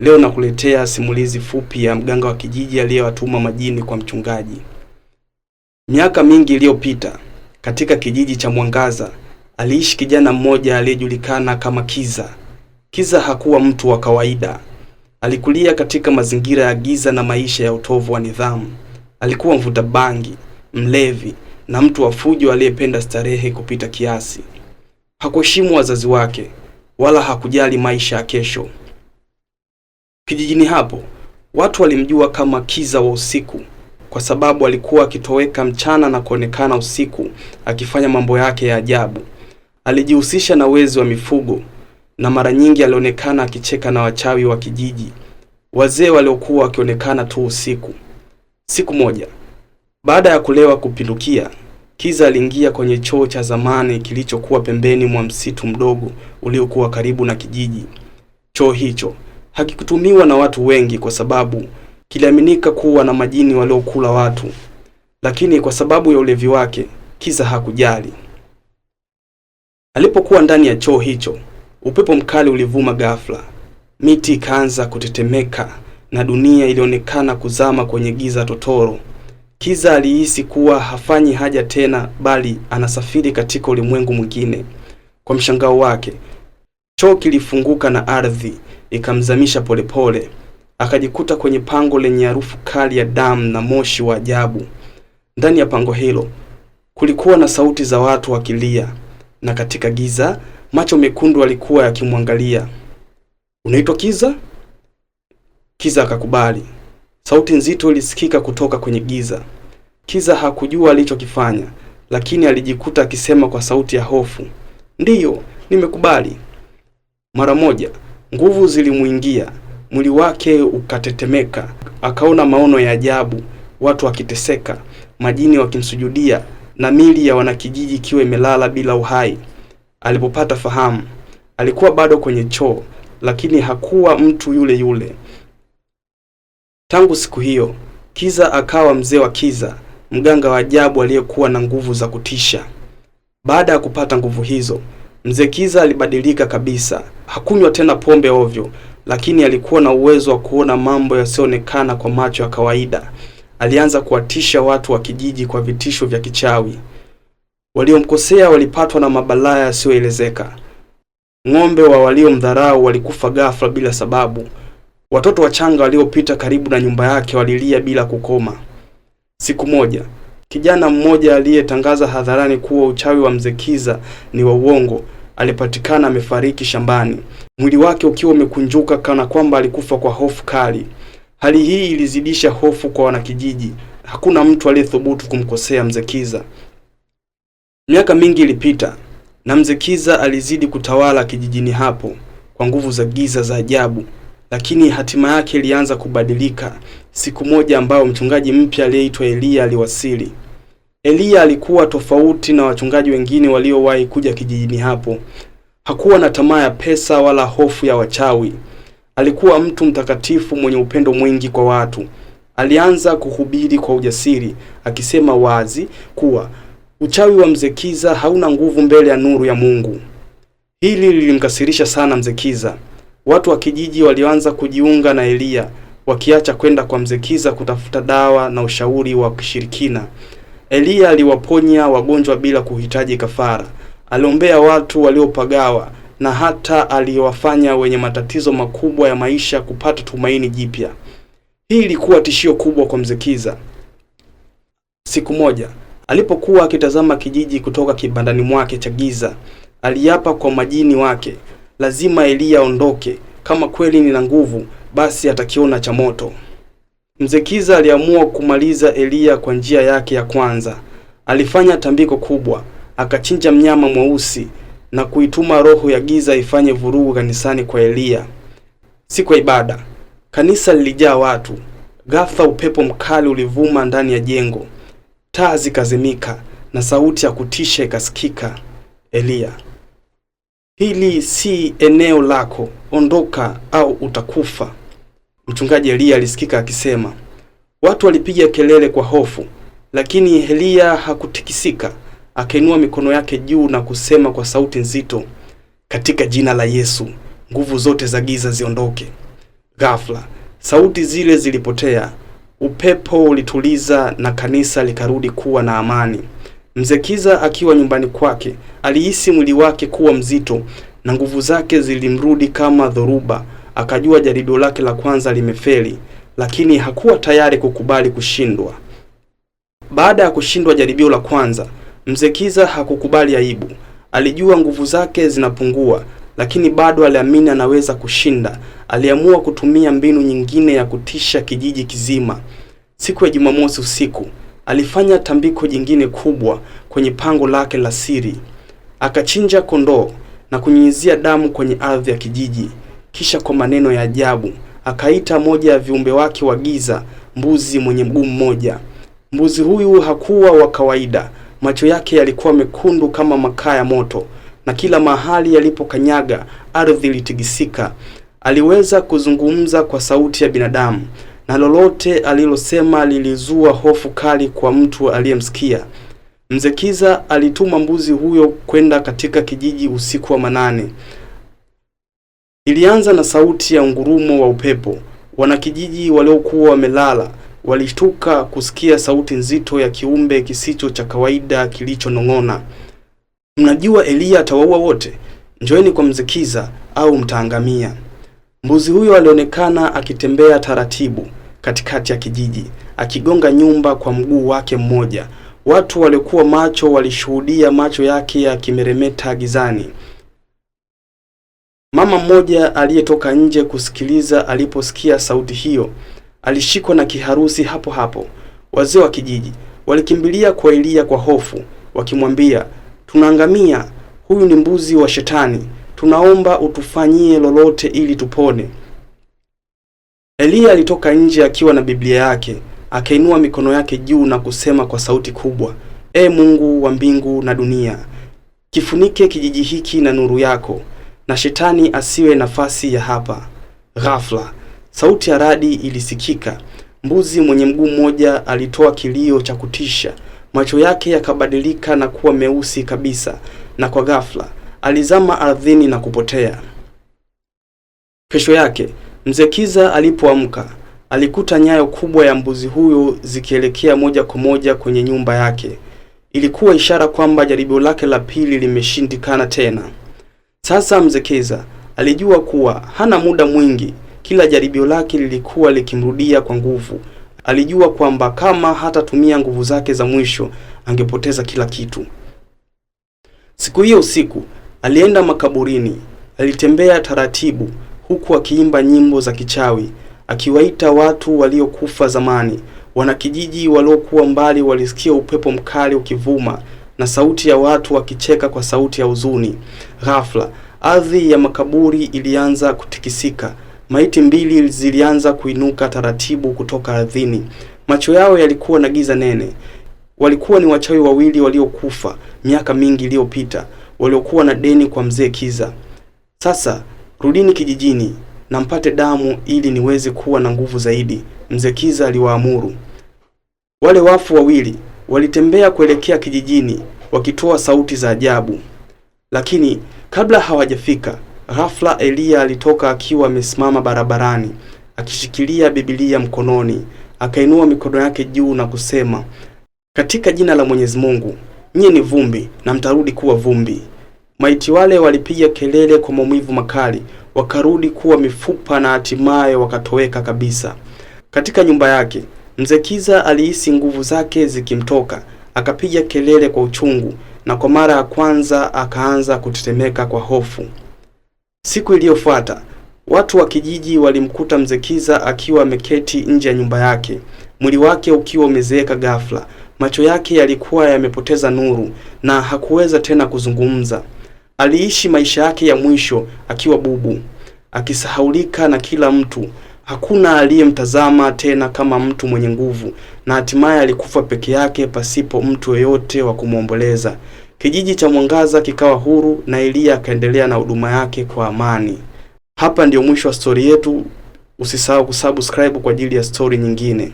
Leo nakuletea simulizi fupi ya mganga wa kijiji aliyewatuma majini kwa mchungaji. Miaka mingi iliyopita, katika kijiji cha Mwangaza, aliishi kijana mmoja aliyejulikana kama Kiza. Kiza hakuwa mtu wa kawaida. Alikulia katika mazingira ya giza na maisha ya utovu wa nidhamu. Alikuwa mvuta bangi, mlevi na mtu wa fujo aliyependa starehe kupita kiasi. Hakuheshimu wazazi wake wala hakujali maisha ya kesho. Kijijini hapo watu walimjua kama Kiza wa usiku kwa sababu alikuwa akitoweka mchana na kuonekana usiku akifanya mambo yake ya ajabu. Alijihusisha na wezi wa mifugo na mara nyingi alionekana akicheka na wachawi wa kijiji, wazee waliokuwa wakionekana tu usiku. Siku moja, baada ya kulewa kupindukia, Kiza aliingia kwenye choo cha zamani kilichokuwa pembeni mwa msitu mdogo uliokuwa karibu na kijiji. Choo hicho hakikutumiwa na watu wengi kwa sababu kiliaminika kuwa na majini waliokula watu, lakini kwa sababu ya ulevi wake Kiza hakujali. Alipokuwa ndani ya choo hicho, upepo mkali ulivuma ghafla, miti ikaanza kutetemeka na dunia ilionekana kuzama kwenye giza totoro. Kiza alihisi kuwa hafanyi haja tena, bali anasafiri katika ulimwengu mwingine. Kwa mshangao wake, choo kilifunguka na ardhi ikamzamisha polepole. Akajikuta kwenye pango lenye harufu kali ya damu na moshi wa ajabu. Ndani ya pango hilo kulikuwa na sauti za watu wakilia, na katika giza macho mekundu alikuwa yakimwangalia. Unaitwa Kiza? Kiza akakubali. Sauti nzito ilisikika kutoka kwenye giza. Kiza hakujua alichokifanya, lakini alijikuta akisema kwa sauti ya hofu, ndiyo, nimekubali. Mara moja Nguvu zilimwingia, mwili wake ukatetemeka, akaona maono ya ajabu, watu wakiteseka, majini wakimsujudia na mili ya wanakijiji ikiwa imelala bila uhai. Alipopata fahamu, alikuwa bado kwenye choo, lakini hakuwa mtu yule yule. Tangu siku hiyo, Kiza akawa mzee wa kiza, mganga wa ajabu aliyekuwa na nguvu za kutisha. Baada ya kupata nguvu hizo, Mzee Kiza alibadilika kabisa. Hakunywa tena pombe ovyo, lakini alikuwa na uwezo wa kuona mambo yasiyoonekana kwa macho ya kawaida. Alianza kuwatisha watu wa kijiji kwa vitisho vya kichawi. Waliomkosea walipatwa na mabalaa yasiyoelezeka. Ng'ombe wa waliomdharau walikufa ghafla bila sababu. Watoto wachanga waliopita karibu na nyumba yake walilia bila kukoma. Siku moja Kijana mmoja aliyetangaza hadharani kuwa uchawi wa Mzee Kiza ni wa uongo alipatikana amefariki shambani, mwili wake ukiwa umekunjuka kana kwamba alikufa kwa hofu kali. Hali hii ilizidisha hofu kwa wanakijiji. Hakuna mtu aliyethubutu kumkosea Mzee Kiza. Miaka mingi ilipita na Mzee Kiza alizidi kutawala kijijini hapo kwa nguvu za giza za ajabu, lakini hatima yake ilianza kubadilika siku moja ambayo mchungaji mpya aliyeitwa Eliya aliwasili. Eliya alikuwa tofauti na wachungaji wengine waliowahi kuja kijijini hapo. Hakuwa na tamaa ya pesa wala hofu ya wachawi. Alikuwa mtu mtakatifu mwenye upendo mwingi kwa watu. Alianza kuhubiri kwa ujasiri, akisema wazi kuwa uchawi wa Mzee Kiza hauna nguvu mbele ya nuru ya Mungu. Hili lilimkasirisha sana Mzee Kiza. Watu wa kijiji walianza kujiunga na Eliya, wakiacha kwenda kwa Mzee Kiza kutafuta dawa na ushauri wa kishirikina. Eliya aliwaponya wagonjwa bila kuhitaji kafara, aliombea watu waliopagawa na hata aliwafanya wenye matatizo makubwa ya maisha kupata tumaini jipya. Hii ilikuwa tishio kubwa kwa mzikiza Siku moja alipokuwa akitazama kijiji kutoka kibandani mwake cha giza, aliapa kwa majini wake, lazima Eliya aondoke. Kama kweli nina nguvu, basi atakiona cha moto. Mzekiza aliamua kumaliza Eliya kwa njia yake ya kwanza. Alifanya tambiko kubwa, akachinja mnyama mweusi na kuituma roho ya giza ifanye vurugu kanisani kwa Eliya. Siku ya ibada, kanisa lilijaa watu. Ghafla upepo mkali ulivuma ndani ya jengo, taa zikazimika na sauti ya kutisha ikasikika: Eliya, hili si eneo lako, ondoka au utakufa. Mchungaji Eliya alisikika akisema, watu walipiga kelele kwa hofu, lakini Eliya hakutikisika. Akainua mikono yake juu na kusema kwa sauti nzito, katika jina la Yesu nguvu zote za giza ziondoke. Ghafla sauti zile zilipotea, upepo ulituliza na kanisa likarudi kuwa na amani. Mzee Kiza akiwa nyumbani kwake alihisi mwili wake kuwa mzito na nguvu zake zilimrudi kama dhoruba. Akajua jaribio lake la kwanza limefeli, lakini hakuwa tayari kukubali kushindwa. Baada ya kushindwa jaribio la kwanza, Mzee Kiza hakukubali aibu. Alijua nguvu zake zinapungua, lakini bado aliamini anaweza kushinda. Aliamua kutumia mbinu nyingine ya kutisha kijiji kizima. Siku ya Jumamosi usiku, alifanya tambiko jingine kubwa kwenye pango lake la siri. Akachinja kondoo na kunyunyizia damu kwenye ardhi ya kijiji. Kisha kwa maneno ya ajabu akaita moja ya viumbe wake wa giza, mbuzi mwenye mguu mmoja. Mbuzi huyu hakuwa wa kawaida. Macho yake yalikuwa mekundu kama makaa ya moto, na kila mahali yalipokanyaga ardhi ilitikisika. Aliweza kuzungumza kwa sauti ya binadamu, na lolote alilosema lilizua hofu kali kwa mtu aliyemsikia. Mzee Kiza alituma mbuzi huyo kwenda katika kijiji usiku wa manane. Ilianza na sauti ya ngurumo wa upepo. Wanakijiji waliokuwa wamelala walishtuka kusikia sauti nzito ya kiumbe kisicho cha kawaida kilichonong'ona, mnajua Eliya atawaua wote, njoeni kwa mzikiza au mtaangamia. Mbuzi huyo alionekana akitembea taratibu katikati ya kijiji, akigonga nyumba kwa mguu wake mmoja. Watu waliokuwa macho walishuhudia macho yake yakimeremeta gizani. Mama mmoja aliyetoka nje kusikiliza, aliposikia sauti hiyo alishikwa na kiharusi hapo hapo. Wazee wa kijiji walikimbilia kwa Eliya kwa hofu, wakimwambia, tunaangamia, huyu ni mbuzi wa Shetani, tunaomba utufanyie lolote ili tupone. Eliya alitoka nje akiwa na Biblia yake, akainua mikono yake juu na kusema kwa sauti kubwa, E Mungu wa mbingu na dunia, kifunike kijiji hiki na nuru yako na shetani asiwe nafasi ya hapa. Ghafla sauti ya radi ilisikika. Mbuzi mwenye mguu mmoja alitoa kilio cha kutisha, macho yake yakabadilika na kuwa meusi kabisa, na kwa ghafla alizama ardhini na kupotea. Kesho yake mzee Kiza alipoamka alikuta nyayo kubwa ya mbuzi huyo zikielekea moja kwa moja kwenye nyumba yake. Ilikuwa ishara kwamba jaribio lake la pili limeshindikana tena. Sasa Mzekeza alijua kuwa hana muda mwingi. Kila jaribio lake lilikuwa likimrudia kwa nguvu. Alijua kwamba kama hatatumia nguvu zake za mwisho angepoteza kila kitu. Siku hiyo usiku alienda makaburini. Alitembea taratibu, huku akiimba nyimbo za kichawi, akiwaita watu waliokufa zamani. Wanakijiji waliokuwa mbali walisikia upepo mkali ukivuma na sauti ya watu wakicheka kwa sauti ya huzuni. Ghafla ardhi ya makaburi ilianza kutikisika. Maiti mbili zilianza kuinuka taratibu kutoka ardhini. Macho yao yalikuwa na giza nene. Walikuwa ni wachawi wawili waliokufa miaka mingi iliyopita, waliokuwa na deni kwa mzee Kiza. Sasa rudini kijijini na mpate damu ili niweze kuwa na nguvu zaidi, mzee Kiza aliwaamuru. Wale wafu wawili Walitembea kuelekea kijijini wakitoa sauti za ajabu, lakini kabla hawajafika, ghafla Eliya alitoka akiwa amesimama barabarani akishikilia Biblia mkononi, akainua mikono yake juu na kusema, katika jina la Mwenyezi Mungu, nyie ni vumbi na mtarudi kuwa vumbi. Maiti wale walipiga kelele kwa maumivu makali, wakarudi kuwa mifupa na hatimaye wakatoweka kabisa. Katika nyumba yake Mzee Kiza alihisi nguvu zake zikimtoka, akapiga kelele kwa uchungu na kwa mara ya kwanza akaanza kutetemeka kwa hofu. Siku iliyofuata watu wa kijiji walimkuta Mzee Kiza akiwa ameketi nje ya nyumba yake, mwili wake ukiwa umezeeka ghafla. Macho yake yalikuwa yamepoteza nuru na hakuweza tena kuzungumza. Aliishi maisha yake ya mwisho akiwa bubu, akisahaulika na kila mtu, Hakuna aliyemtazama tena kama mtu mwenye nguvu, na hatimaye alikufa peke yake pasipo mtu yeyote wa kumwomboleza. Kijiji cha Mwangaza kikawa huru na Eliya akaendelea na huduma yake kwa amani. Hapa ndio mwisho wa stori yetu. Usisahau kusubscribe kwa ajili ya stori nyingine.